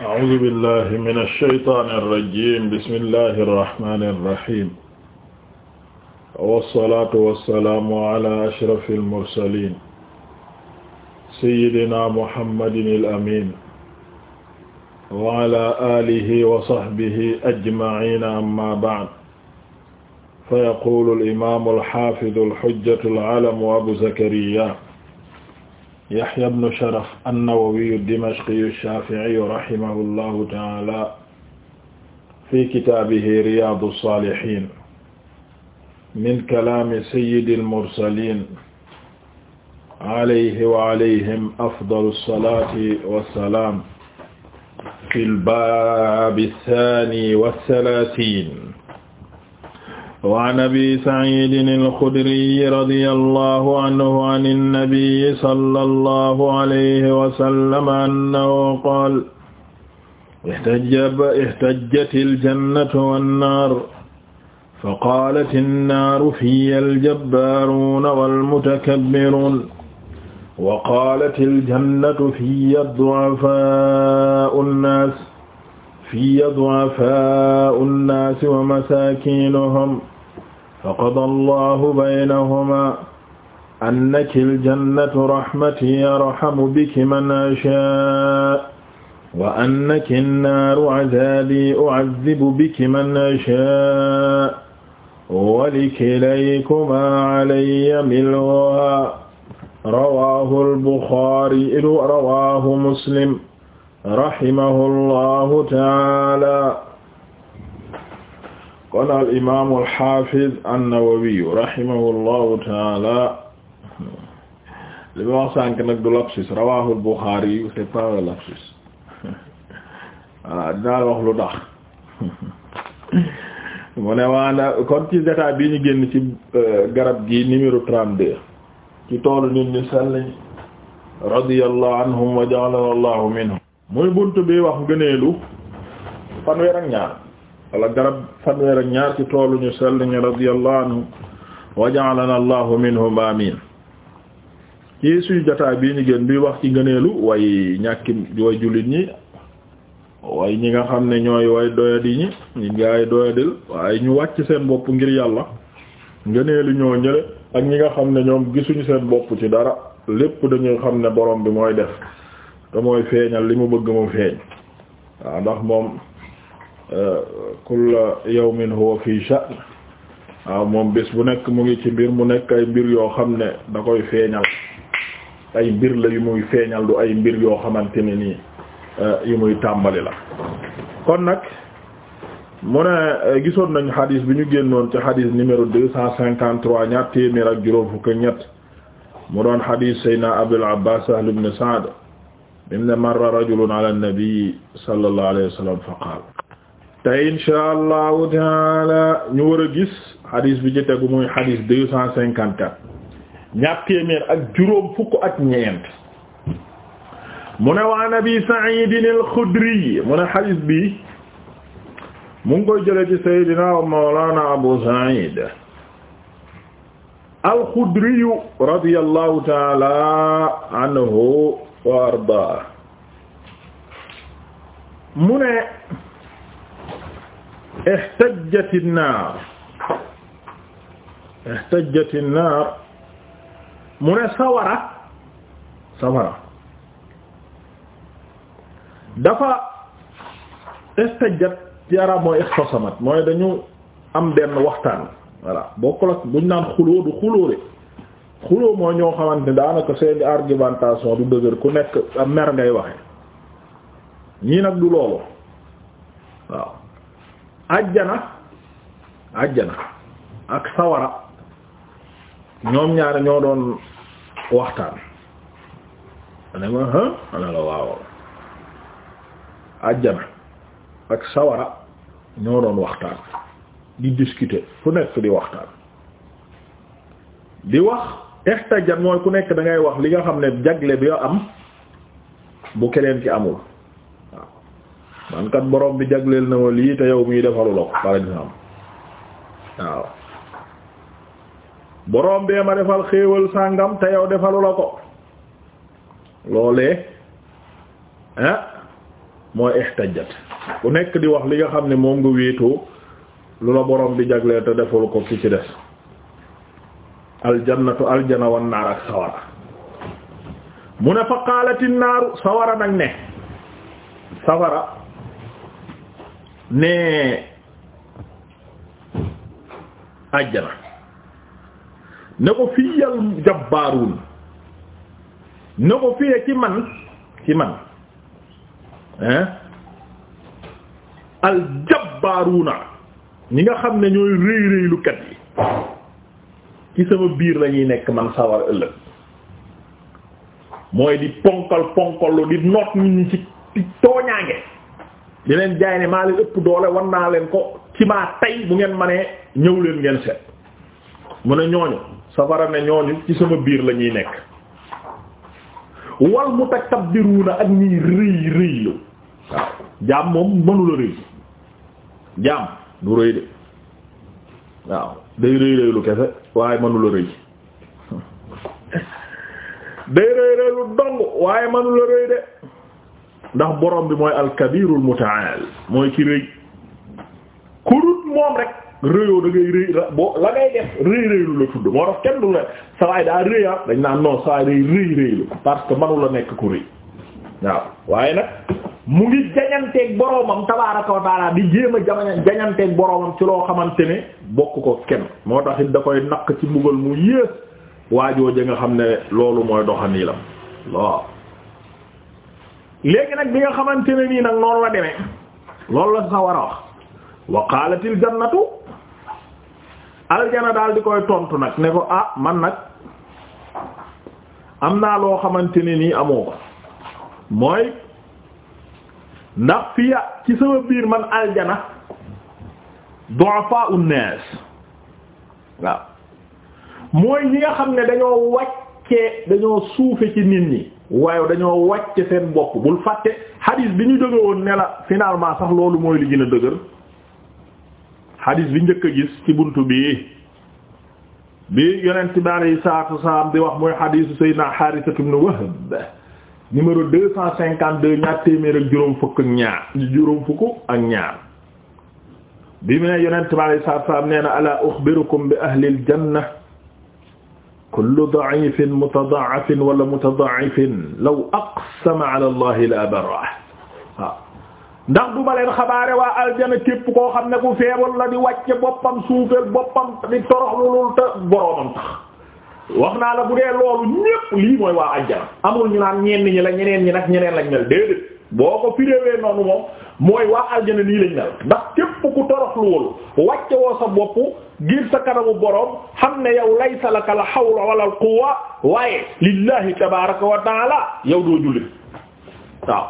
أعوذ بالله من الشيطان الرجيم بسم الله الرحمن الرحيم والصلاة والسلام على أشرف المرسلين سيدنا محمد الأمين وعلى آله وصحبه أجمعين أما بعد فيقول الإمام الحافظ الحجة العلم أبو زكريا Yahya ibn Sharaf an-Nawawi ad-Dimashqi ash-Shafi'i rahimahullahu ta'ala fi kitaabihi Riyaadu s-Saalihiin min kalaami sayyidil mursaliin alayhi wa alayhim afdalu s-salaati wa s-salaam fil baabi s-saani wa s-salaasiin waan abi saciidin alxudriyi radiya allahu anhu an annabiyi sala allahu alayhi wasallam annahu qaal ihtajjat aljannatu wannaar faqaalat annaaru fiya aljabbaaruna walmutakabbiruun wa qaalat aljannatu fiya ducafaa'u annaas fiya ducafaa'u annaasi wa masaakiinuhum faqada allahu baynahuma annaki aljannatu rahmati arhamu biki man ashaa wa annaki annaaru azaabi uazzibu biki man ashaa wa likilaykumaa alayya mil'uhaa rawaahu albuxaari rawaahu muslim rahimahu allahu taala kon al imaamu al xaafiz an-Nawawi rahimahullahu taala li ma wax sànq nag du lapsus rawaahu al-Buxaari c'est lapsus voilà dinaa wax lu tax mu ne waana kon ci détail bi ñu génn ci euh, garab gi numéro 32 ci toolu nit ñi sell radiyallahu anhum wa ja'alana allahu minhum muy buntu bi wax gëneelu fanweer ak ñaar. wala garab fanweer ak ñaar ci toolu ñu sell ñu radiyallahu anhu wa ja'alana allahu minhum amin ci suñu jotaay bii ñu gën di wax ci ngëneelu way ñàkki way jullit ñi way ñi nga xam ne ñooy way doyadi ñi ñi ngaay doyadil waaye ñu wàcc seen bopp ngir yàlla ngëneelu ñoo ñële ak ñi nga xam ne ñoom gisuñu seen bopp ci dara lépp dañuy xam ne borom bi mooy def te mooy feeñal li mu bëgg mu feeñ waaw ndax moom kulla yawmin huwa fi sha'n waaw moom bés bu nekk mu ngi ci mbir mu nekk ay mbir yoo xam ne da koy feeñal ay mbir la yu muy feeñal du ay mbir yoo xamante ne nii eh, yu muy tàmbali la kon nag mu ne eh, gisoon nañu xadis bi ñu génnoon ci xadis numéro deux cent cinquante trois ñaar téeméer ak juróom fukk ñett mu doon xadis sayna abul abbas sahl ibn sa'd mim ne marra rajulun ala nabi sallallahu alayhi wa fa qaala tey insha allahu taala ñu war a gis xadis bi ci tegu muy xadis deux cent cinquante quatre ñaar téeméer ak juróom fukk ak ñeent mu ne waa nabi Sa'idin al-Khudri mu ne xadis bi mu ngi koy jële ci Seydina wa Mawlana Abu Sa'id al-Khudri radiyallahu taala anhu wa ardaa mu ne ihtajjati naar ihtajjati naar mu ne sawara sawara dafa ihtajjat yara mooy mooy dañu am benn waxtaan voilà bokkul ak buñ naan xuloo du xuloo de xuloo mooy ñoo xamante ne daanaka seeni argumentation du dëgër ku nekk mer ngay waxe ñii nag du loolu waaw ajjana ajjana ak sawara ñoom ñaar ñoo doon waxtaan ne ma hë ana la ajjana ak sawara ñoo doon waxtaan di discuter ku nekk di waxtaan di wax extajan mooy ku nekk dangay wax li nga xam ne jagle bi yoo am bu keneen ci amul man kat borom bi jagleel na ma lii te yow mii defalu la ko par exemple waaw borom bee ma defal xéewal sàngam te yow defalu la ko loolee ah mooy ihtajat ku nekk di wax li nga xam ne moom nga wéetoo lu la borom bi jagleel te defalu ko ki ci des aljannatu aljana wan ak sawara mu ne fa qaalati naaru sawara nag ne sawara ne àjjana ne ko fii yal jabbaaruun ne ko fii ci man ci man hein al jabbaaruuna ñi nga xam ne ñooy rëy rëylukat yi ci sama biir lañuy nekk man sawar ëllëg mooy di ponkal ponkal lu di noot nit ñi ci tooñaange di leen jaay ne maa leen ëpp doole wan naa leen ko ci maa tey bu ngeen ma nee ñëw leen ngeen seet mu ne ñooñu safara ne ñooñu ci sama biir la ñuy nekk wal mutakabbiruuna ak ñiy rëy rëylu waaw jaam moom mënula rëy jaam du rëy de waaw day rëy rëylu kese waaye mënula rëy day rëy rëylu dong waaye mënula rëy de ndax borom bi mooy alkabirul mutaal mooy ki rëy ku dut moom rek rëyoo da rëy boo la ngay def rëy rëylu la tudd moo tax kenn du la sawaay daa rëy ah dañ naan non sawaay day rëy rëylu parce que manu la nekk ku rëy waaw waaye nag mu ngi jañanteeg boromam tabaaraka wa taala di jéem a jamaña jañanteeg boromam ci loo xamante ne bokk ko kenn moo tax it koy naq ci mbugal mu yées waajoo ja nga xam ne loolu mooy doxaniilam waaw léegi nag bi nga xamante ne nii nag noonu la deme loolu la sa war a wax wa qaalatil jannatu aljana daal di koy tontu nag ne ko ah man nag am naa loo xamante ne nii amoo ko mooy ndax fiya ci sama biir man aljana du'afa un-nas waaw mooy ñi nga xam ne dañoo wàcce dañoo suufe ci nit ñi waaye dañoo wàcce seen bopp bul fàtte hadis bi ñu jóge woon ne la finalement sax loolu mooy li gën a dëgër bi njëkk a gis ci bunt bii bi yonent bi alayhi salaatu wasalaam di wax mooy hadisu Seydina Haarisa ibn Wahb numéro deux cent cinquante deux ñaar téeméer ak juróom fukk ak ñaar juróom fukk ak ñaar bi mu ne yonent bi alayhi salaatu wasalaam nee na ala bi ahlil janna kullu da'ifin mutada'afin wala mutada'ifin law aqsama ala allahi la abarrah waaw ndax du ma leen xabaare waa aljana képp koo xam ne ku feebal la di wàcce boppam suufeel boppam di toroxlulul te boroomam tax wax naa la bu dee loolu ñépp lii mooy waa aljana amul ñu naan ñenn ñi la ñeneen ñi nag ñeneen lañ mel déedéet boo ko firéewee noonu moom mooy waa aljana nii lañ mel ndax ku toroxluwul wàcce woo sa bopp ngir sa kanamu boroom xam ne yow laysa laka al hawla wala al quwwa waaye lillahi tabaaraka wa taala doo jullit waaw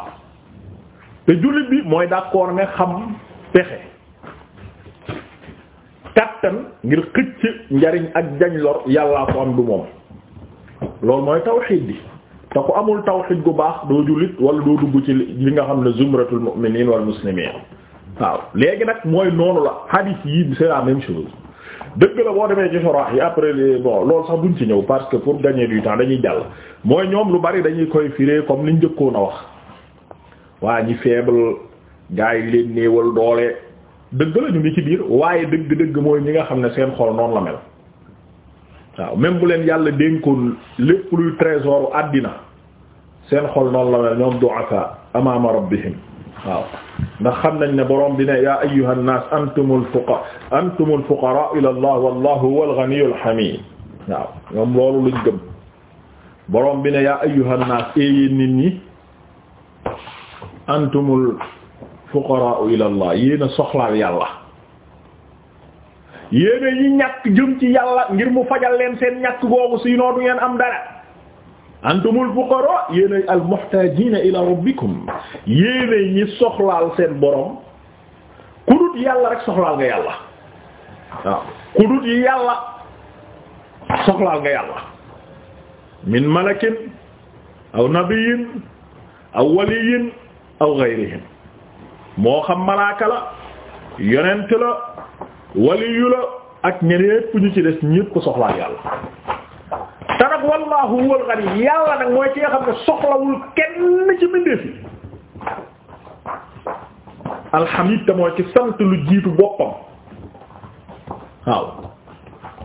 te jullit bi mooy d'accord ne xam pexe kattan ngir xëcc njariñ ak jañ lor yàllaa ko am du moom loolu mooy tawxiid bi te ku amul tawxiid gu baax doo jullit wala doo dugg ci li nga xam ne zumratul mu'minin wal muslimin waaw léegi nag mooy noonu la hadith yi c'est la même chose dëgg la boo demee ci sorah yi après bon sax duñ ci ñëw parce que pour gagner du temps dañuy jàll mooy ñoom lu bari dañuy koy firé comme liñ njëkkoon a wax waa ñi faible gars yi leen néewal doole dëgg la ñu ngi ci biir waaye dëgg-dëgg mooy ñi nga xam ne seen xol noonu la mel waaw même bu leen yàlla dénkoon lépp luy trésor àddina seen xol noonu la mel ñoom du'afa amama rabbihim waaw ndax xam nañ ne borom bi ne yaa ayyuha an-naas antumul fuqara antumul fuqara ila allah wallahu huwal ghaniyyul hamid waaw ñoom loolu luñ gëm borom bi ne yaa ayyuha an-naas eh, yéen nit ñi antumul fuqara ila allah yéen a soxlaal yàlla yéen a yi ñàkk jëm ci yàlla ngir mu fajal leen seen ñàkk googu si noo du ngeen am dara antumul fuqara yéenay al muhtajina ila rabbikum yéenay ñi soxlaal seen borom ku yàlla rek soxlaal nga yàlla waaw ku dut yi yàlla soxlaal nga yàlla min malakin aw nabiyin aw waliyin aw gayrihim moo xam malaaka la yonent la waliyu la ak ñeneen ñépp ñu ci des ñépp soxlaal yàlla te nag wallaahu huwal ghani yàlla nag mooy ci nga xam ne soxlawul kenn ci mbindeef yi alhamid te mooy ci sant lu jiitu boppam waaw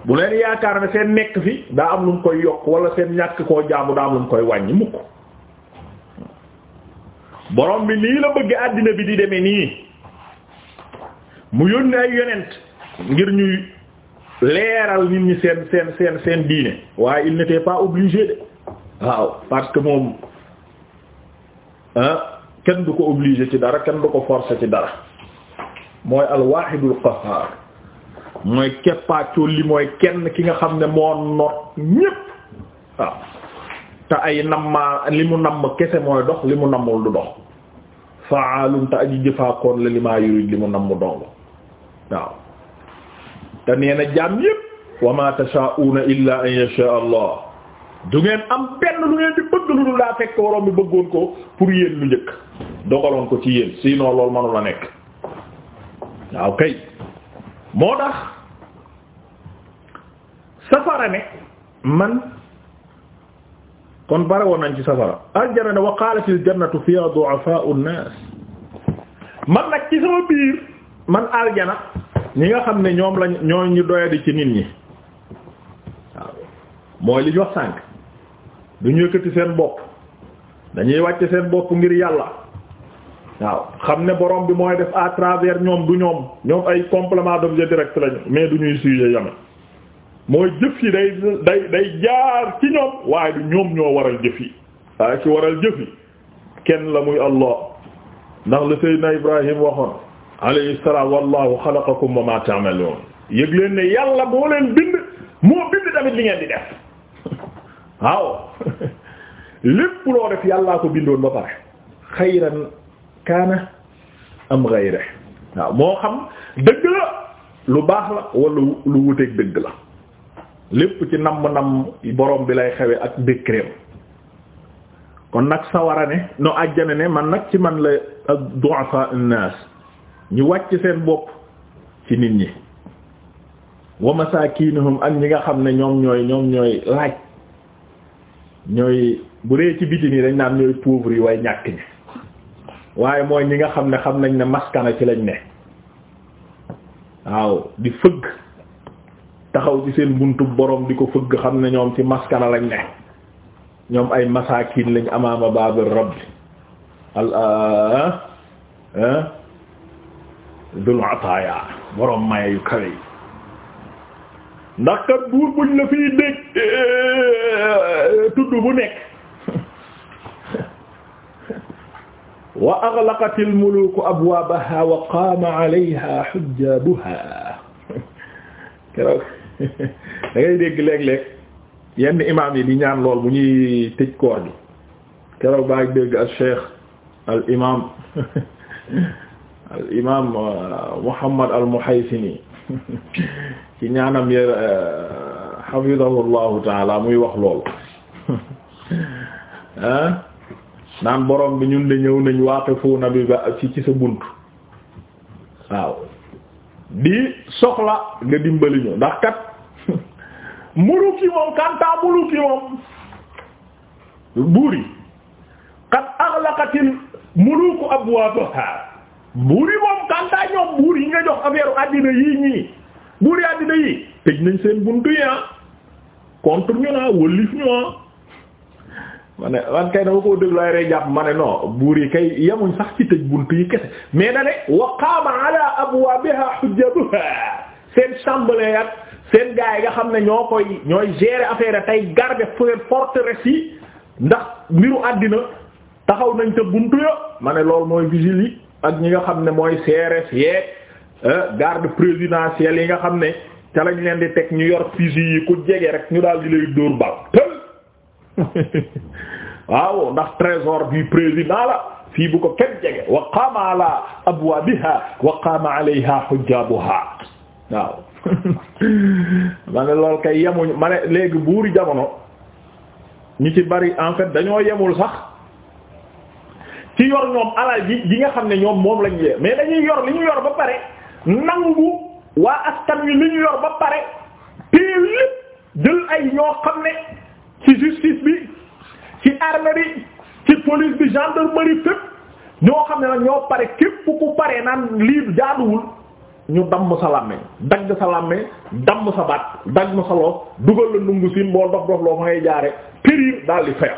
bu leen yaakaar ne seen nekk fi daa am lu mu koy yokk wala seen ñàkk koo jaamu daa am lu mu koy wàññi mukk borom bi nii la bëgg àddina bi di demee nii mu yónni ay yonent ngir ñuy leeral nit ñi seen seen seen seen diine waaye il n'était pas obligé de waaw parce que moom kenn du ko obligé ci dara kenn du ko forcer ci dara mooy al-wahidul qahhar mooy keppaacool li mooy kenn ki nga xam ne moo noot ñépp te ay nammaa li mu namm kese mooy dox li mu nammul du dox fa'alun te aji jëfaakoon la li yurid li mu namm dong waaw te nee na jaam yépp wa ma tashaauna illa an yasha allah du am benn lu ngeen di bëgg lu dul daa fekk waroon bi bëggoon ko pour yéen lu njëkk dogaloon ko ci yéen sinon loolu manu la nekk waaw kay moo tax safara ne man kon bare woon nañ ci safara aljana ne wa qalat al jannatu fiha du'afa an man nag ci sama biir man aljana ñi nga xam ne ñoom lañ ñoo ñu doyadi ci nit ñi waaw mooy li ñu wax sànq du ñu yëkkati seen bopp dañuy wàcc seen bopp ngir yàlla waaw xam ne borom bi mooy def à travers ñoom du ñoom ñoom ay complement d'objet direct lañu mais du ñuy sujet yame mooy jëf yi day day day jaar ci ñoom waaye du ñoom ñoo waral jëf yi waaye ci waral jëf yi kenn la muy Allah ndax la Seydina Ibrahim waxoon alayhi salaam wallahu xalaqakum wa ma ta'malun yëg leen ne yàlla moo leen bind moo bind tamit li ngeen di def waaw lépp loo def yàllaa ko bindoon ba pare xayran kaana am ghayra waaw moo xam dëgg la lu baax la wala lu wuteeg dëgg la lépp ci namm-namm borom bi lay xewe ak décret kon nag sawara ne no àjjana ne man nag ci man la ak du'afa an-nas ñi wàcc seen bopp ci nit ñi masaa wa moom ak ñi nga xam ne ñoom ñooy ñoom ñooy laaj ñooy bu dee ci biti yi dañ naan ñooy pauvres yi way ñàkk ñi waaye mooy ñi nga xam ne xam nañ ne maskana ci lañ ne waaw di fëgg taxaw ci seen buntu borom di ko fëgg xam ne ñoom ci maskana lañ ne ñoom ay masaakin lañ amaama babir rabbi al ah, ah, ah dul ataaya borom maye yu kawe yi ndax kat buur buñ la fiy dégg eh, tudd bu nekk wa aghlaqatil muluku abwaabaha wa qaama alayha hujjabuha keroog da ngay dégg léeg-léeg yenn imaam yi di ñaan lool bu ñuy tëj koor gi keroog baa ngi dégg al cheikh al imaam al imaam euh, Muhammad al Muhaysini ci ñaanam ya euh, hafidahu llahu taala muy wax loolu ah naan borom bi ñun de ñëw nañ waaqifuuna bi ba ci ci sa bunt waaw di soxla nga dimbali ñu ndax kat muluki moom kantaa muluki moom buur yi qad aghlaqatil muluku abwaabaha buur yi moom kantaa ñoom buur yi nga jox affaire àddina yii ñii buur yi àddina yii tëj nañ seen buntu yi ah contre ñu naa ah, wëlif ñu ah ma ne kay dama koo déglu ay rey jàpp ma ne non buur yi kay yemuñ sax ci tëj buntu yi kese mais dane wa qaama ala abwaabiha hujjatuha seen semblee ak seen gaay yi nga xam ne ñoo koy ñooy gérer affaire tey garder feen forteresse yi ndax mbiru àddina taxaw nañ te buntu yo ma ne loolu mooy vigile ak ñi nga xam ne mooy CRS yeeg eh, garde présidentielle yi nga xam ne ca lañ leen di teg ñu yor fusil yi ku jege rek ñu daal di lay dóor bal tël waaw ndax trésor du président la fii bu ko kenn jege wa qaama ala abwaabiha wa qaama alayha hujjabuha waaw ma lool kay yemuñu ma léegi buur jamono ñu ci bari en fait dañoo yemul sax ci yor ñoom alal ji ji nga xam ne ñoom moom lañ yee mais dañuy yor li ñu yor ba pare nangu waa askan wi li ñu yor ba pare téye jël ay ñoo xam ne ci justice bi ci armerie ci police bi gendarmerie fépp ñoo xam ne nag ñoo pare képp ku pare naan lii jaaduwul ñu damm sa làmme dagg sa làmme damm sa baat dagg sa loos dugal la nungu siin boo dox dox loo fa ngay jaare périr daal di fayal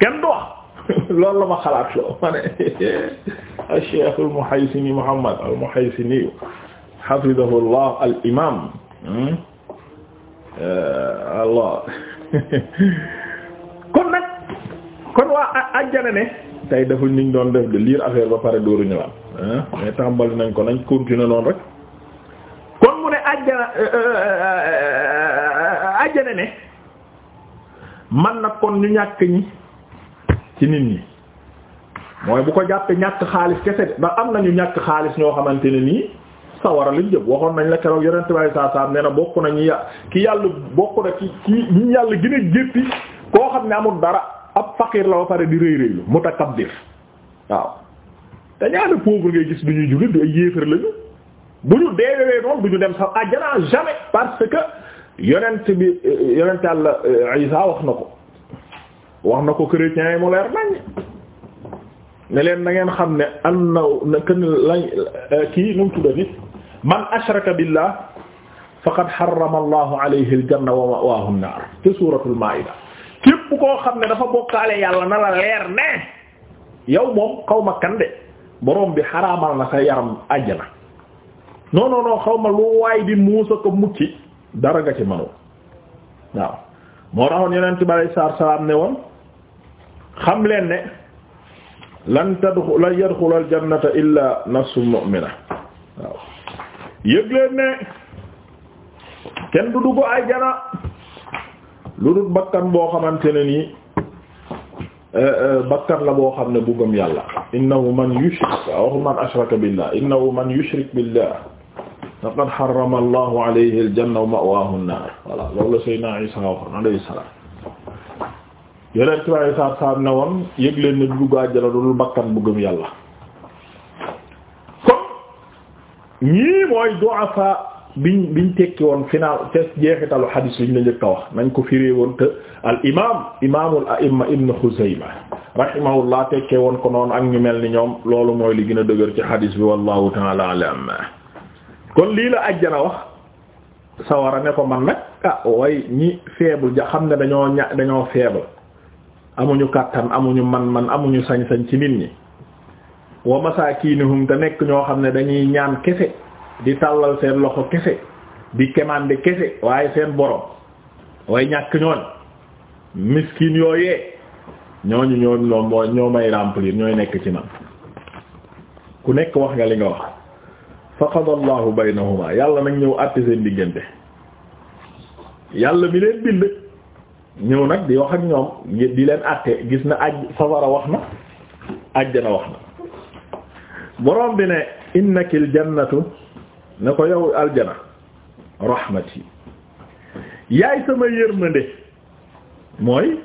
kenn du loolu la ma xalaat loo ma ne Cheikh al-Muhaysini Muhammad al-Muhaysini hafidahullah al imam hmm? eh, Allah kon nag kon waa ajjana ne tey defuñ niñ doon def de lire affaire ba pare dóoruñu la am mais nañ ko nañ continuer noonu rek kon mu ne ajjana ajjana eh, eh, ne man nag kon ñu ñàkk ñi ci nit ñi mooy bu ko jàppee ñàkk xaalis kese ba am nañu ñàkk xaalis ñoo xamante ne nii sawara lañ jëm waxoon nañ la keroog yonent bi saa saa nee na bokk na ñu yà yàlla bokk na yàlla gën a koo xam ne amul dara ab faqiir la pare di rëy rëylu mutakabbir waaw te ñaata pauvre gis du ñuy jullit du ay yéefar bu ñu dem sax àjjana jamais parce que yonent bi yonent yàlla Isa wax na ko. wax na ko chrétiens yi mu leer nañ ne leen na xam ne an na ken lañ kii nu mu tudda ni man ashraka billah faqad harrama allahu alayhi aljanna wa ma'waahu an-naar te suuratul maa'ida képp koo xam ne dafa bokkaale yàlla na la leer ne yow moom xaw ma kan bi xaraamal na sa yaram àjjana non non non xaw lu waay di muusa ko mucci dara ci manu waaw moo taxoon yeneen ci balay saar salaam ne woon xam leen ne lan tadxu lan yadxula aljannata illa nafsun mu'mina waaw yëg leen ne kenn du dugg ajjana lu dul bakkan boo xamante ne nii eh, eh, bakkan la boo xam ne bu gëm yàlla innahu man yushrik aw man ashraka billah innahu man yushrik billah faqad harrama allahu alayhi aljanna wa ma'wahu an-nar voilà loolu la Seydina Isa waxoon alayhi salaam yeneen ci waaye saab saab ne woon yëg leen ne du dugg àjjana dul bakkan bu gëm yàlla kon ñii mooy du'afa biñ biñ tekki woon final te jeexitalu xadiis bi ñu la njëkk a wax nañ ko firee woon te al imaam imaamul a'imma ibn Xuzayma rahimahullah tekkee woon ko noonu ak ñu mel ni ñoom loolu mooy li gën a dëgër ci xadiis bi wallahu ta'ala a'lam kon lii la àjjana wax sawara ne ko man nag ah way ñi faible ja xam nga dañoo ña dañoo amuñu kàttan amuñu man-man amuñu sañ-sañ ci nit ñi wa masaakinihum te nekk ñoo xam ne dañuy ñaan kese di tàllal seen loxo kese di kemande kese waaye seen borom way ñàkk ñoon miskin yooyee ñooñu ñoom ñoom mooy ñoo may remplir ñooy nekk ci man ku nekk wax nga li nga wax fa qada allahu baynahuma yàlla nag ñëw àtte seen diggante yàlla mi leen bind ñëw nag di wax ak ñoom di leen àtte gis na aj safara wax na ajjana wax na borom bi ne innakil jannatu ne ko yow aljana rahmati yaay sama yërmande mooy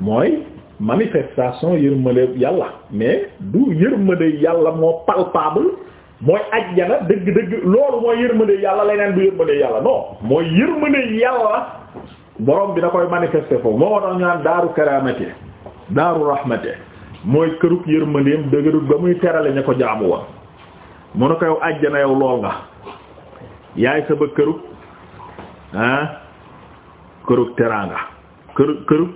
mooy manifestation yërmande yàlla mais du yërmande yàlla moo palpable mooy ajjana dëgg-dëgg loolu mooy yërmande yàlla leneen du yërmande yàlla non mooy yërmande yàlla borom bi da koy manifester foofu moo tax ñu naan daaru karaamate daaru rahmate mooy kërug yërmandeem dëgërug ba muy terale ña ko jaamu woon mu ne ko yow àjjana yow lool nga yaay sa ba kërug ah kërug teraanga kërug kërug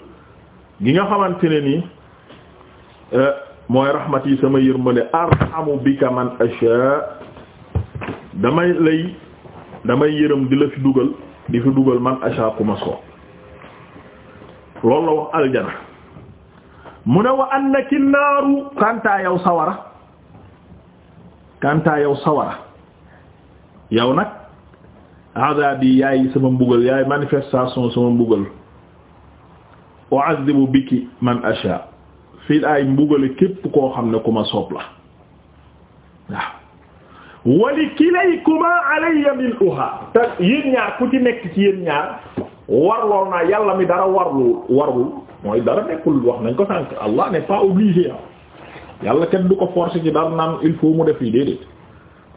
gi nga xamante ne nii eh, mooy rahmat yi sama yërmande bi bika man asha damay lay damay yërëm di la fi dugal di fi dugal man asha ku loolu la wax aljana mu ne wa annaki naaru kantaa yow sawara kantaa yow sawara yow nag azabi yaay sama mbugal yaay manifestation sama mbugal wa azibu biki man asha fii ay mbugale képp koo xam ne ku ma soob la waaw wali kilaykuma alayya min uha te yéen ñaar ku ci nekk ci yéen ñaar warlool naa yàlla mi dara warlu warlu mooy dara nekkul wax nañ ko sànk Allah n'est pas obligé ah. yàlla kenn du ko forcer ci dara naan il faut mu def yi déedéet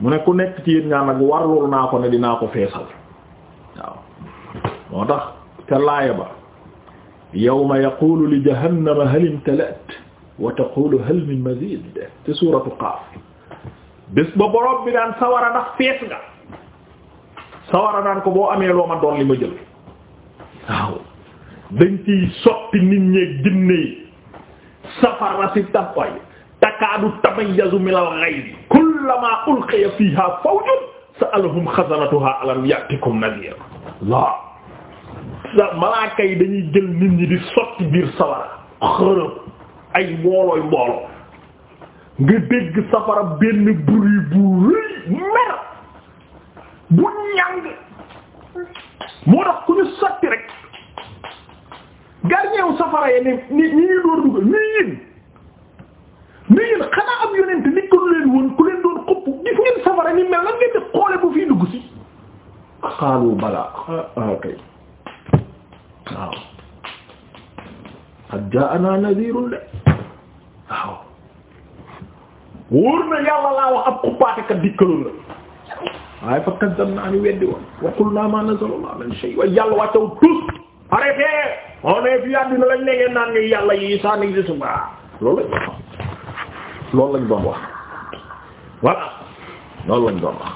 mu ne ku nekk ci yéen ñaan nag warlul naa ko ne dinaa ko feesal waaw moo tax ca laaya ba yawma yaqulu li jahannama hal imtalaat wa taqulu hal min mazid te suuratu qaaf bés ba borom daan sawara ndax fees nga sawara daan ko boo amee loo ma doon li ma jël waaw dañ ciy sotti nit ñeeg jinne yi safara si takoy takaadu tamayyazu min al-ghayri kullama ulqiya fiha alam ya'tikum nadhir la sa malaaka yi dañuy jël nit ñi di sotti biir safara xërëb ay mboolooy mbooloo nga dégg safara benn bruit bu rëy mer ku ñu sotti rek garñeew safara yi ni ni ñi ñu door dugal nii yéen nii yéen xanaa am yonent nit ko leen woon ku leen doon xupp gis ngeen safara ni mel lan ngeen di xoole bu fi dugg si xaalu balaa ah, ah, kay waaw qad jaa'anaa nadhiirun de waaw wóor na yàlla laa wax ab xuppaatekat dikkaloon la waaye fa kaddam naa ni weddi woon wa qulnaa maa nazzala Allaahu min shay' yàlla wàccaw tus arrêté on est fii àddina lañ nekkee naan ni yàlla yi ça n'existe pas loolu lañ doon wax loolu lañ doon wax voilà loolu lañ doon wax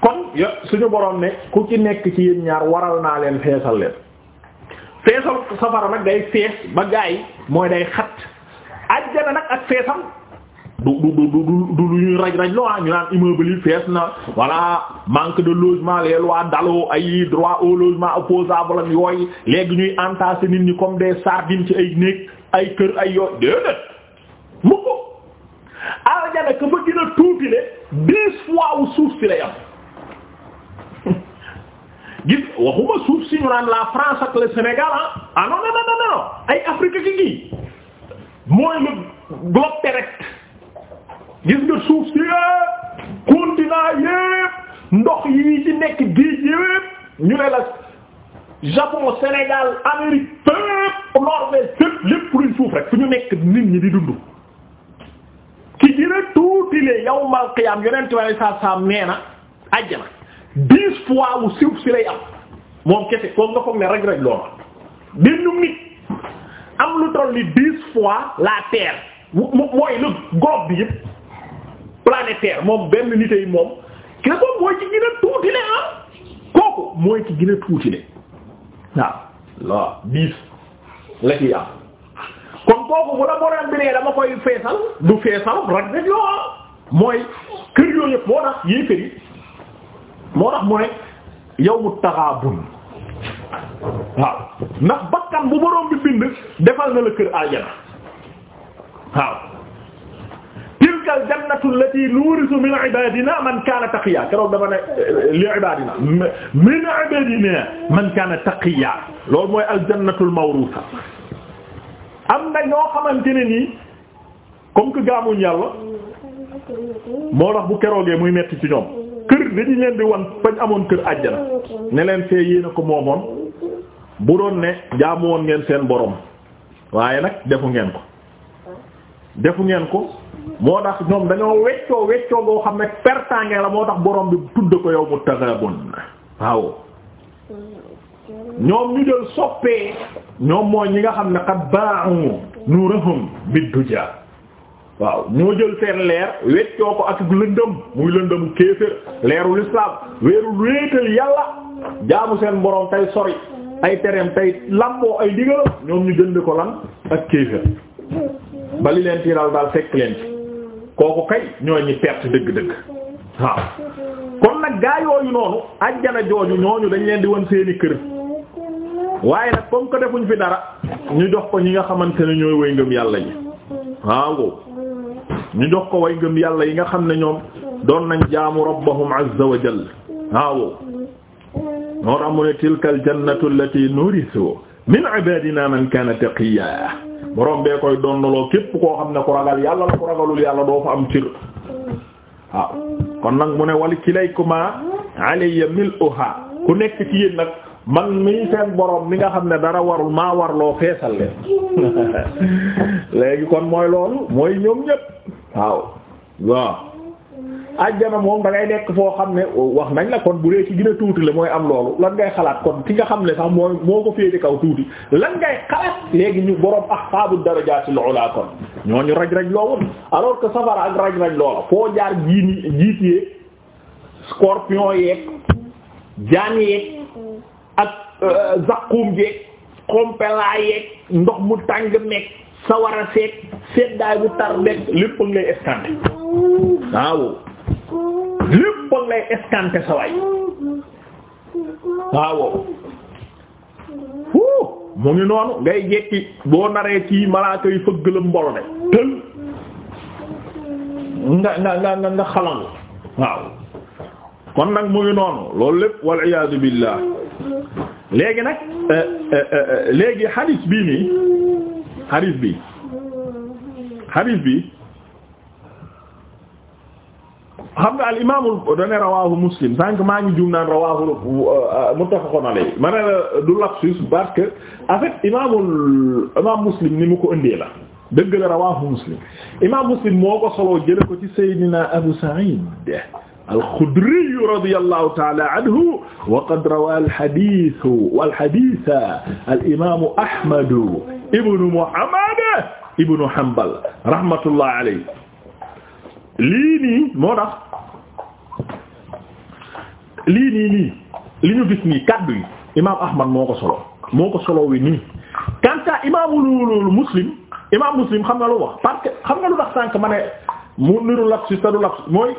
kon yo suñu boroom ne ku ci nekk ci yéen ñaar waral naa leen feesal leen feesal safara nag day fees ba gaay mooy day xat ajjana nag ak feesam du du du du du raj raj loo ah, ñu naan immeuble fees na voilà manque de logement les lois Dalo ay droit au logement opposable am yooyu léegi ñuy entasser nit ñi comme des sardines ci ay néeg ay kër ay yooyu déedéet mu ko aljana ka fa gën a tuuti le dix fois wu suuf si lay am gis waxuma suuf si ñu naan la France ak le Sénégal ah ah non ay Afrique ki kii mooy le globe terrestre gis nga suuf si yépp continent yépp ndox yi ci nekk géej yépp ñu ne la Japon Sénégal Amérique fépp Norvège fépp lépp luy suuf rek fu ñu nekk nit ñi di dund ki dina tuutile yawmal qiyaam yonent bi saa saa nee na àjjana dix fois wu suuf si lay am moom kese foog nga foog ne raj raj loolu lu toll la terre mooy lu gox bi yépp planétaire moom benn nit yi moom ki ko mooy ci gën a tuuti ah kooku mooy ci gën a waaw waaw diis la ci am kon kooku bu la borom bi nee dama koy feesal du feesal rek rek yoo ah mooy kër yooyu moo tax yéefar yi moo tax mu ne yawmu taxaabun waaw ndax bakkan bu borom bi bind defal na la kër aljana waaw tilka al jannatu allati nurisu min ibadina man kaana taqiya keroog dama ne mooy al jannatu al mawrusa am na ñoo xamante ne nii comme que gaamuñ yàlla moo tax bu keroogee muy metti ci ñoom kër dañu leen di wan fañ amoon kër àjjana ne leen fee yéen a ko moomoon bu doon ne jaamu woon ngeen seen boroom waaye nag defu ngeen ko defu ngeen ko moo tax ñoom dañoo weccoo weccoo boo xam ne pertange la moo tax borom bi tudd ko yow mu taxaabon waaw ñoom ñu jël soppee ñoom mooy ñi nga xam ne qad ba'u nurahum bid-duja waaw ñoo jël seen leer weccoo ko ak lëndëm muy lëndëmu kéefër leerul islam weeru wéetal yàlla jaamu seen borom tey sori ay tereem tey lamboo ay digalam ñoom ñu jënd ko lan ak kéefër ba li leen tiiral daal fekk leen ci kooku kay ñooy ñi perte dëgg-dëgg waaw kon nag gaa yooyu noonu ajjana jooju ñooñu dañ leen di won seeni kër waaye nag comme que defuñ fi dara ñu jox ko ñi nga xamante ne ñooy way ngëm yàlla yi waaw ñu jox ko way ngëm yàlla yi nga xam ne ñoom doon nañ jaamu rabbahum azza wa jall waaw noor amu ne tilka al jannatu min ibadina man kana taqiya borom bee koy donnaloo képp koo xam ne ku ragal yàlla la ku ragalul yàlla doo fa am cir waaw kon nag mu ne wali kilaykuma alayya mil'uha ku nekk ci yéen nag man mii seen borom mi nga xam ne dara warul maa warloo feesal leen léegi kon mooy loolu mooy ñoom ñépp waaw waaw ajjana moom da ngay nekk foo xam ne wax nañ la kon bu dee ci gën tuuti la mooy am loolu lan ngay xalaat kon ki nga xam ne sax mooy moo ko féete kaw tuuti lan ngay xalaat léegi ñu borom ahfaabu darajaatil ula kon ñooñu raj raj loolu alors que safara ak raj raj loola foo jaar jiini jiit yeeg scorpion yeeg jaan yeeg ak euh, zakkum jeeg xompelaa yeeg ndox mu tàng meeg sawara seeg seddaay bu tar beeg lépp ngay escanté waaw lépp ba lay escanté sa waay waaw mu ngi noonu ngay jekki boo naree kii malaaka yi fëgg la mbolo de tël nga nga nga nga xalangu waaw kon nag mu ngi noonu loolu lépp wal iyaadu billaah léegi nag eh, eh, eh, léegi hadith bii nii hadith bi hadith bi xam nga al imaamul dane rawahu muslim sànq maa ngi juum naan rawahu euh, muttafaqun alayhi ma ne la du lapsus parce que en fait imaamul imaam muslim ni mu ko indee la dëgg la rawahu muslim imaam muslim moo ko soloo jële ko ci sayyidina abu sa'id al-Khudri radiyallahu ta'ala anhu wa qad rawa al-hadith wal-hadith al-imam Ahmad ibn Muhammad ibn Hanbal rahmatullah alayhi lii nii moo tax lii nii nii li ñu gis nii kaddu yi imaam Ahmad moo ko solo moo ko solo wi nii kanta imaamu loolu muslim imaam muslim xam nga lu wax parce que xam nga lu tax sànq ma ne mu niru lapsus te du lapsus mooy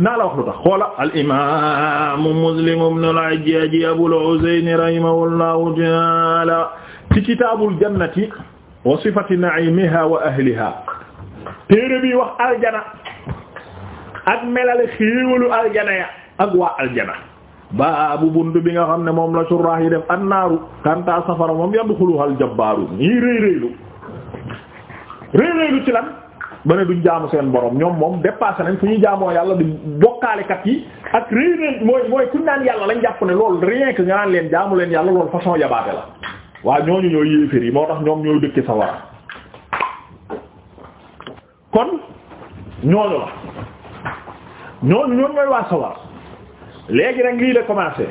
naa la wax lu tax xoola al imaamu muslim ibn al hajjaj abul husayn rahimahullahu ta'ala ci kitaabul jannati wa sifati na'imiha wa ahliha téere bi wax aljana ak melale xéewalu aljana ya ak waa aljana baabu buntu bi nga xam ne moom la surraax yi def annaaru kanta safara moom yadxuluhal jabbaaru ñii réy réylu réy réylu ci lan ba ne duñ jaamu seen borom ñoom moom dépassé nañ fu ñu jaamoo yàlla di bokkaalekat yi ak réy réy mooy mooy kuñ naan yàlla lañ jàpp ne loolu rien que nga naan leen jaamu leen yàlla loolu façon yabaate la waa ñooñu ñooy yéeféer yi moo tax ñoom ñooy dëkke safara kon ñooñu la ñooñu ñoom ñooy waa sawar léegi nag lii la commencé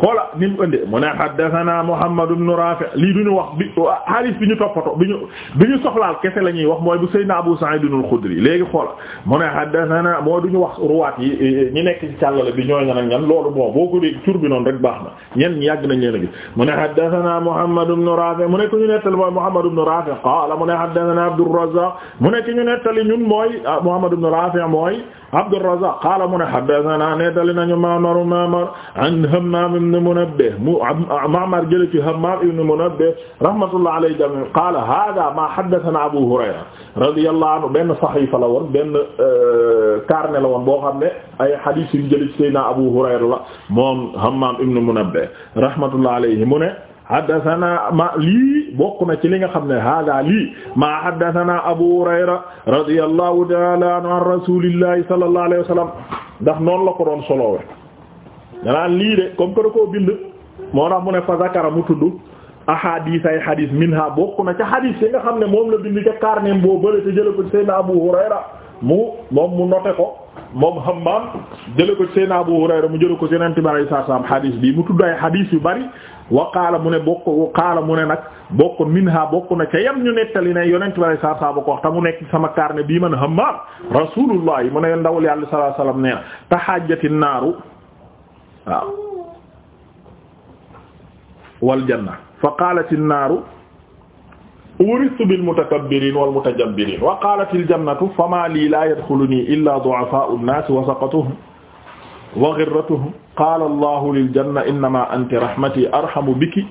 xoola ni mu ëndee mu ne haddathana Muhammad ibn Rafi lii du ñu wax bi hadith bi ñu toppatoo bi ñu bi ñu soxlaal kese la ñuy wax mooy bu Seydina Abu Sa'id al-Khudri léegi xoola mu ne haddathana moo du ñu wax ruwaat yi ñi nekk ci càllale bi ñooy ñan ak ñan loolu bon boo ko dégg tur bi noonu rek baax na ñen yàgg nañ leen a gis mu ne haddathana Muhammad ibn Rafi mu ne ku ñu nettali mooy Muhammad ibn Rafi qaala mu ne haddathana Abdurrazzaq mu ne ki ñu nettali ñun mooy ah, Muhammad ibn Rafi mooy Abdurrazzaq qaala mu ne haddathana nettali nañu Ma'mar Ma'mar an Hammam ibn Munabbih mu Ma'mar jële ci Hammaam ibn Munabbih rahmatullah alayhi jamii'an qaala haaza maa haddathanaa Abu Hurayra radiyallahu anhu benn sahiifa la woon benn euh, carnet la woon boo xam ne ay hadiis yu jële ci Seydina Abu Hurayra la moom Hammaam ibn Munabbih rahmatullah alayhi mu ne haddasanaa ma lii bokk na ci li nga xam ne haadaa lii maa haddasanaa Abu Hurayra radiyallahu ta'ala anhu an rasuulillahi sallallahu alayhi wa sallam ndax noonu la ko doon soloowe danaan lii de comme que da koo bind moo tax mu ne fa zakara mu tudd ahadis ay hadis bokk na ca hadis yi nga xam ne moom la bind ca carnet boo Abu Hurayra mu moom mu noté ko moom Hammam jële ko Seydina Abu Hurayra mu jële ko Yonent bi sallallahu alayhi wasallam hadis bi mu tudd ay hadis yu bari wa qaala mu ne bokk wa qaala mu ne nag bokk minha bokk na ca yam ñu nettali ne Yonent bi sallallahu ko wax te mu nekk sama carnet bi man Hammam Rasulullah mu ne ndawul Yàlla sallallahu alayhi wasallam nee na naaru waaw wal janna fa qaalat an-naaru uristu bil mutakabbiriin wal mutajabiriin wa qaalat al-jannatu famaa lii laa yadxulunii illaa du'afaa'u an-naasi wa saqatuhum wa ghirratuhum qaala allahu lil janna innamaa anti rahmatii arhamu biki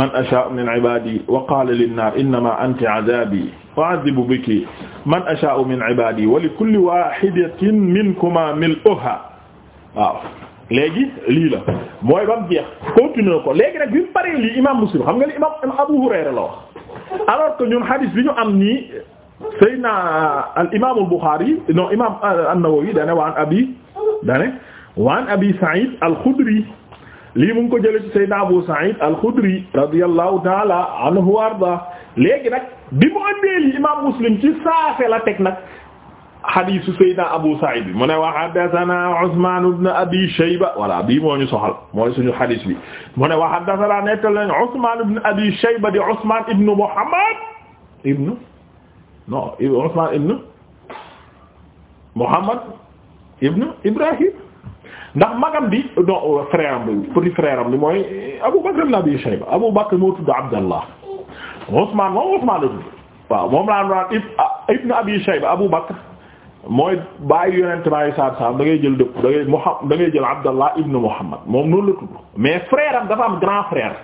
man ashaa'u min cibaadii wa qaala linnaar innamaa anti cadaabii ucazzibu biki man ashaa'u min cibaadii wa likulli waahidatin minkumaa mil'uhaa waaw léegi lii la mooy ba mu jeex continuer ko léegi nag bi mu paree lii Muslim xam nga li imaam Abu Hurayra la wax alors que ñun hadith bi ñu am nii Seydina al imaam al Bukhari non imaam an-Nawawi dane waan abi Sa'id al-Khudri lii mu ngi ko jëlee ci Seydina Abu Sa'id al-Khudri radiyallahu ta'ala anhu warda léegi nag bi mu andee lii imaam Muslim ci saafe la teg nag xadiisu Seydina Abu Saïd bi mu ne wa haddasanaa Usmaan ibn Abi Shayba voilà bii moo ñu soxal mooy suñu xadiis bi mu ne wa haddasanaa nettal nañ Usmaan ibn Abi Shayba di Usmaan ibn Muhammad ibn non Usmaan ibn Muhammad ibn Ibrahim ndax magam bi non frère am bi petit frère am bi mooy Abu Bakr ibn Abi Shayba Abu Bakr moo tudd Abdallah Usmaan moom Usmaan la tudd waaw moom laa doon ibn Abi Shayba Abu Bakr mooy bàyyi yonent bàyyi saab saab da ngay jël dëpp da jël Abdallah ibn Muhammad moom noonu la tudd mais dafa am grand frère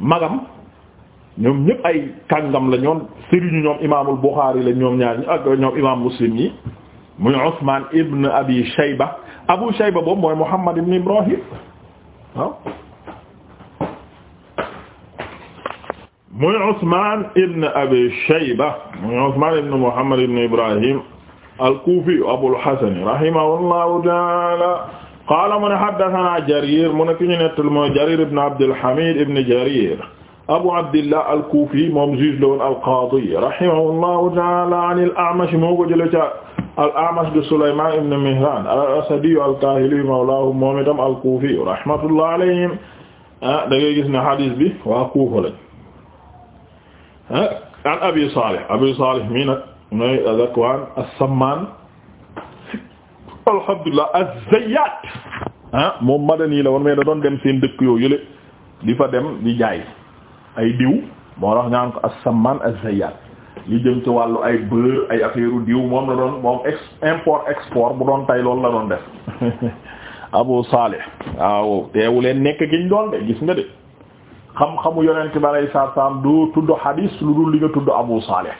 magam ñoom ñëpp ay kàngam la ñoom sëriñu ñoom imaamul Bukhari la ñoom ñaar ñi ñoom imaam Muslim yi muy Usman ibn Abi Shayba Abu Shayba boobu mooy Muhammad ibn Ibrahim muy Usman ibn Abi Shayba muy Usman ibn Muhammad ibn Ibrahim al-Kufi Abul Hasan rahimahullahu ta'ala qaala mu ne haddathana Jarir mu ne ki ñu nettal mooy Jarir ibn Abdul Hamid ibn Jarir Abu Abdillah al-Kufi moom juge la woon al-Qaadi rahimahullahu ta'ala an al-A'mash moo ko jëlee ca al-A'mash de Sulaymaan ibn Mihraan al-Asadi al-Kaahili mawlaahum moom itam al-Kufi rahmatullahi alayhim ah, da ngay gis ne hadis bi waa Kuufa lañ ah, an Abi Saalih Abi Saalih mi nag mooy Zakwaan as-Sammaan alhamdulilah az-Zayyaat ah moom madani la woon mais da doon dem seen dëkk yoo yële di fa dem di jaay ay diw moo tax ñaan ko as-Sammaan az-Zayyaat li jëm ci wàllu ay beurre ay affaire diw moom la doon moom ex export bu doon tay loolu la doon def Abu Salih waaw leen nekk giñ doon de gis nga de xam-xamu yonent bi alayhi salaam doo tudd hadis lu dul li nga tudd Abu Salih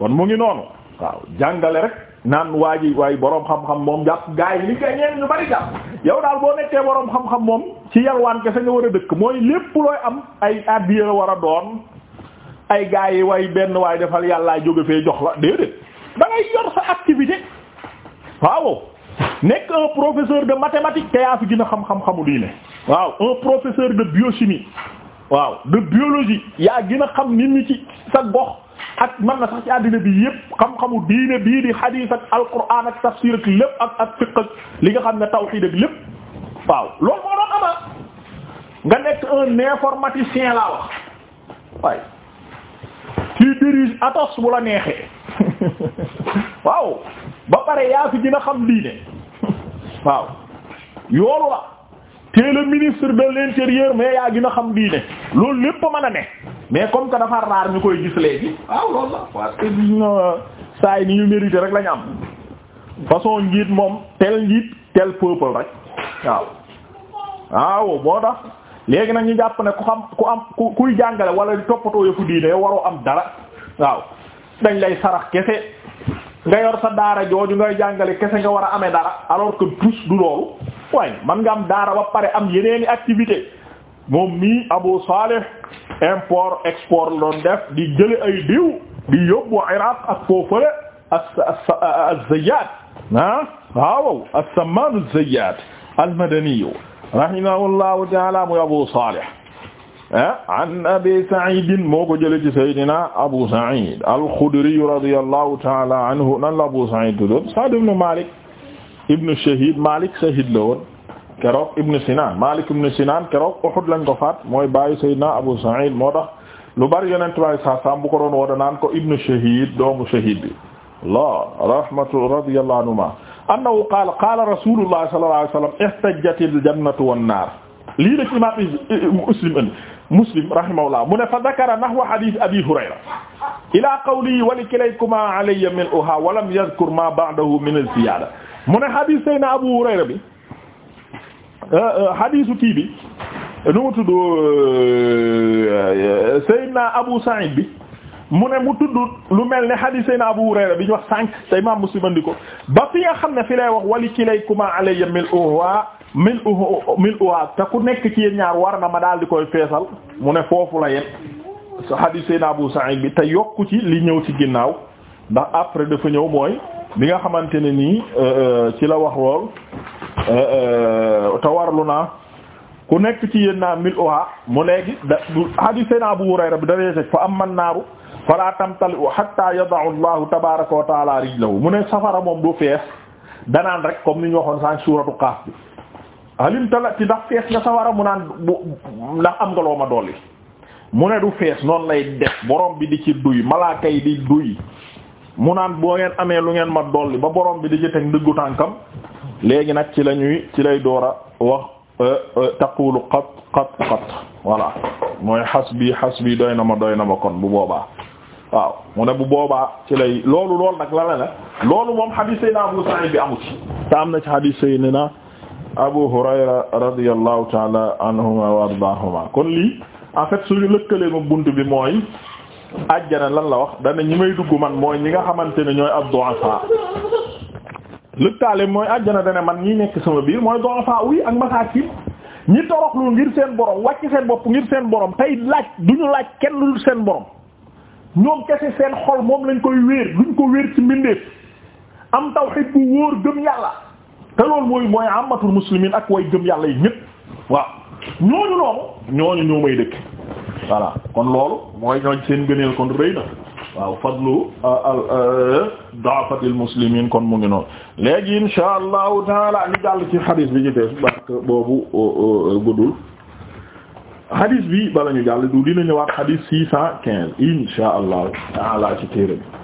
kon mu ngi noonu waaw jàngale rek naan waa ji waaye boroom xam-xam moom jàpp gaa yi li nga ñeen ñu bari jàpp yow daal boo nekkee boroom xam-xam moom ci yalwaan kese nga war a dëkk mooy lépp looy am ay addiya war a doon ay gaa yi waay benn waay defal yàllaa jóge fee jox la déedéet da ngay yor sa activité waaw nekk un professeur de mathématiques te yaa fi gën a xam-xam-xamu diine waaw un professeur de biochimie waaw de biologie yaa gën a xam nit ñi ci sa gox ak man na sax ci àddina bi yëpp xam-xamu diine bii di xadiis ak alquran ak tafsir ak lépp ak ak fiqh ak li nga xam ne tawxiid ak lépp waaw loolu moo doon ama nga nekk un informaticien laa wax waaye kii dirige Atos bu la neexee waaw ba pare yaa fi gën xam diine waaw yoolu la te le ministre de l'intérieur mais yaa gën a xam diine loolu lépp mën a ne mais comme que dafa raar ñu koy gis léegi waaw loolu la parce que saa yi ni ñu mérité rek la ñu am façon njiit moom tel njiit tel peuple rek waaw waaw boo tax léegi nag ñu jàpp ne ku xam ku am ku kuy jàngale wala di toppatoo yëfu diine waroo am dara waaw dañ lay sarax kese nga yor sa daara jooju ngay jàngale kese nga war a amee dara alors que tous du loolu waaye man nga am daara ba pare am yeneeni activité moom mii Abu Salih import export loon def di jële ay diw di yóbbu Iraq ak foofale az-Zayyat ah waaw as-Samman az-Zayyat al-Madani rahimahullahu ta'ala muy Abu Salih ah, an Abi Sa'id moo ko jële ci Seydina Abu Sa'id al-Khudri radiyallahu ta'ala anhu nan la Abu Sa'id tudd Sa'd ibn Malik ibn Shahid Malik Shahid la woon keroog Ibn Sinan Malik Ibn Sinan keroog Uhud lañ ko faat mooy baayu Seydina Abu Sa'id moo tax lu bari yonent bi sallallahu alayhi wasallam bu ko doon woote naan ko Ibn Shahid doomu Shahid bi Allah rahmatu radiyallahu anhuma annahu qaala qaala rasulullah sallallahu alayhi wasallam ihtajjatil jannatu wan naar lii la ci imaam Muslim Muslim rahimahullah mu ne fa dhakara nahwa hadith Abi Hurayra ila qawlihi wa likulaykumaa alayya mil'uhaa wa lam yadhkur maa ba'dahu min az-ziyaada mu ne hadith Seydina Abu Hurayra bi Euh, euh, hadiisu kii bi nu mu tudd euh, Seydina Abu Saïd bi mu ne mu tudd lu mel ne hadiis na Abu Hurayra bi ñu wax sànq te imaam Muslim ba fi nga xam ne fi lay wax wali kilaykuma alayya mil'uha mil'uha mil'uha te ku nekk ci yéen ñaar war na ma daal di koy feesal mu ne foofu la yem hadiis Seydina Abu Saïd bi te yokku ci li ñëw ci ginnaaw ndax après dafa ñëw mooy bi nga xamante ne nii ci la wax lool Euh, euh, te warlu naa ku nekk ci yéen naa mil oha mu léegi da hadis sayna Abu Hurayra bi dafay teg fa am man naaru fala tamtali u hatta yada'u tabaaraka wa ta'ala rijlahu mu ne safara moom du fees danaan rek comme ni ñu waxoon sànq suuratu Qaaf bi halim tala ci ndax fees nga safara mu naan bu ndax am nga loo ma dolli mu ne du fees noonu lay def borom bi di ci duy malaaka yi di duy mu naan boo ngeen amee lu ngeen ma dolli ba borom bi di ci teg ndëggu léegi nag ci la ñuy ci lay door a wax euh, euh, taqulu qat qat qat voilà mooy hasbi hasbi doy na ma doy na ma kon bu boobaa waaw mu ne bu boobaa ci lay loolu loolu nag la la ne loolu moom hadith sayna Abu Sa'id bi amu ci te am na ci hadith sayna Abu Hurayra radiyallahu ta'ala anhuma wa ardaahuma kon lii en fait suñu lëkkalee ma bunt bi mooy ajjana lan la wax dana ñi may dugg man mooy ñi nga xamante ne ñooy ad-du'afa lëkkaale mooy àjjana dane man ñi nekk sama biir mooy doxa fa uyi ak masaakin ñi toroxlu ngir seen borom wàcc seen bopp ngir seen borom tey laaj duñu laaj kenn lu seen borom ñoom kese seen xol moom lañ koy wéer duñ ko wéer ci mbindeef am tawhid bu wóor gëm yàlla te loolu mooy mooy amatul muslimin ak woy gëm yàlla yi ñëpp waaw ñooñu noonu ñooñu ñoo may dëkk voilà kon loolu mooy ñooñ seen gëneel kon rëy na waaw fadlu daafatil muslimin kon mu ngi noonu léegi insha allahu taala ñu jàll ci hadith bi ci tees parce que boobu guddul hadith bi bala ñu jàll du dina ñëwaat hadith six cent quinze insha allahu taala ci téere bi